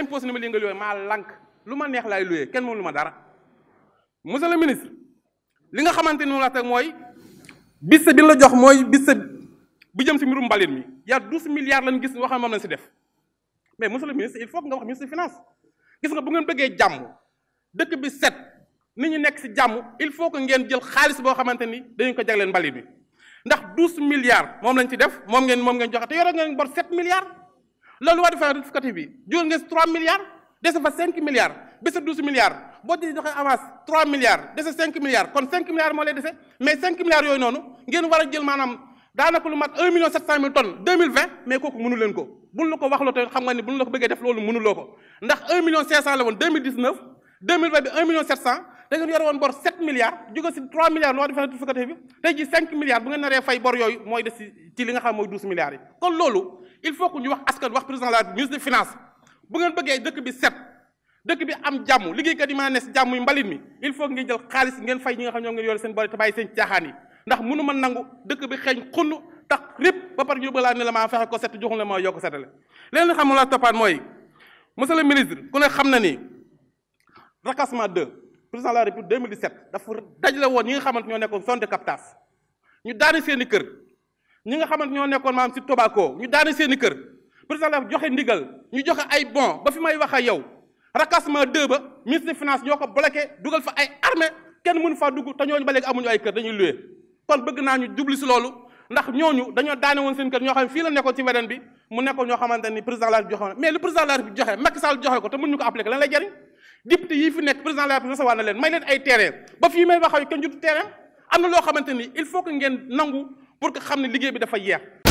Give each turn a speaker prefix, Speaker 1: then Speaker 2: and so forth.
Speaker 1: impose ni ma lii nga luwee maa lànk lu neex lay loué ken mom luma dara monsieur le ministre li nga xamanteni ni la teg moy bisse bi la jox moy bisse bu jëm ci mirum mbalit mi ya 12 milliards lañu gis waxam mom lañ ci def mais monsieur le ministre il faut nga wax ministre finance gis nga bu ngeen bëggee jàmm dëkk bi set ni ñi nekk ci jàmm il faut que ngeen jël xaaliss bo xamanteni dañu ko jagleen mbalit bi ndax 12 milliards mom lañ ci def mom ngeen mom ngeen joxe te yore ngeen bor 7 milliards la loi de finances bi jur nga 3 milliards dese fa 5 milliards bese 12 milliards boo di joxe avance 3 milliards dese 5 milliards kon 5 milliards moo lay dese mais 5 milliards yooyu noonu ngeen war a jël maanaam daanaka lu mat 1 million 700 mille tonnes 2020 mais kooku mënu leen ko buñ la ko waxloo tamit xam nga ni buñ la ko bëggee def loolu mënuloo ko ndax 1 million 500 la woon 2019 2020 bi 1 million 700. da ngeen yore woon bor 7 milliards jóge si 3 milliards loi de finances rectificative bi tey ji 5 milliards bu ngeen naree fay bor yooyu mooy des ci li nga xam mooy 12 milliards yi. kon loolu il faut que ñu wax askan wax président de la ministre des bu ngeen bëggee dëkk bi set dëkk bi am jàmm liggéeykat yi mën a ne si jàmm mbalit mi il faut ngeen jël xaalis ngeen fay ñi nga xam ñoo ngeen yore seen bor te bàyyi seen caaxaan yi ndax mënu ma nangu dëkk bi xeeñ xunn tax rip ba pare ñu bëgg laa ne la maa fexe xam la ne xam na ni racassement 2 président de la république 2017 dafa dajale won ñi nga xamante ñoo nekkon zone de captage ñu daani seen kër ñi nga xamante ñoo nekkon maanaam si tobacco ñu daani seen kër président la joxe ndigal ñu joxe ay bon ba fi may wax ak yow racassement 2 ba ministre des finances ñoo ko bloqué dugal fa ay armée kenn mënu fa dugg te ñooñu ba léegi amuñu ay kër dañuy luwe kon bëgg naa ñu jubli si loolu ndax ñooñu dañoo daane woon seen kër ñoo xam ne fii la nekkoon ci weden bi mu nekkoon ñoo xamante ni président la joxe mais le président la république joxe Macky Sall joxe ko te mënuñu ko appliqué lan lay jariñ député yii fi nekk président de la République leen may leen ay terrain ba fii may wax ak kenn jotu terrain am na loo xamante ni il faut que ngeen nangu pour que xam ne liggéey bi dafa yeex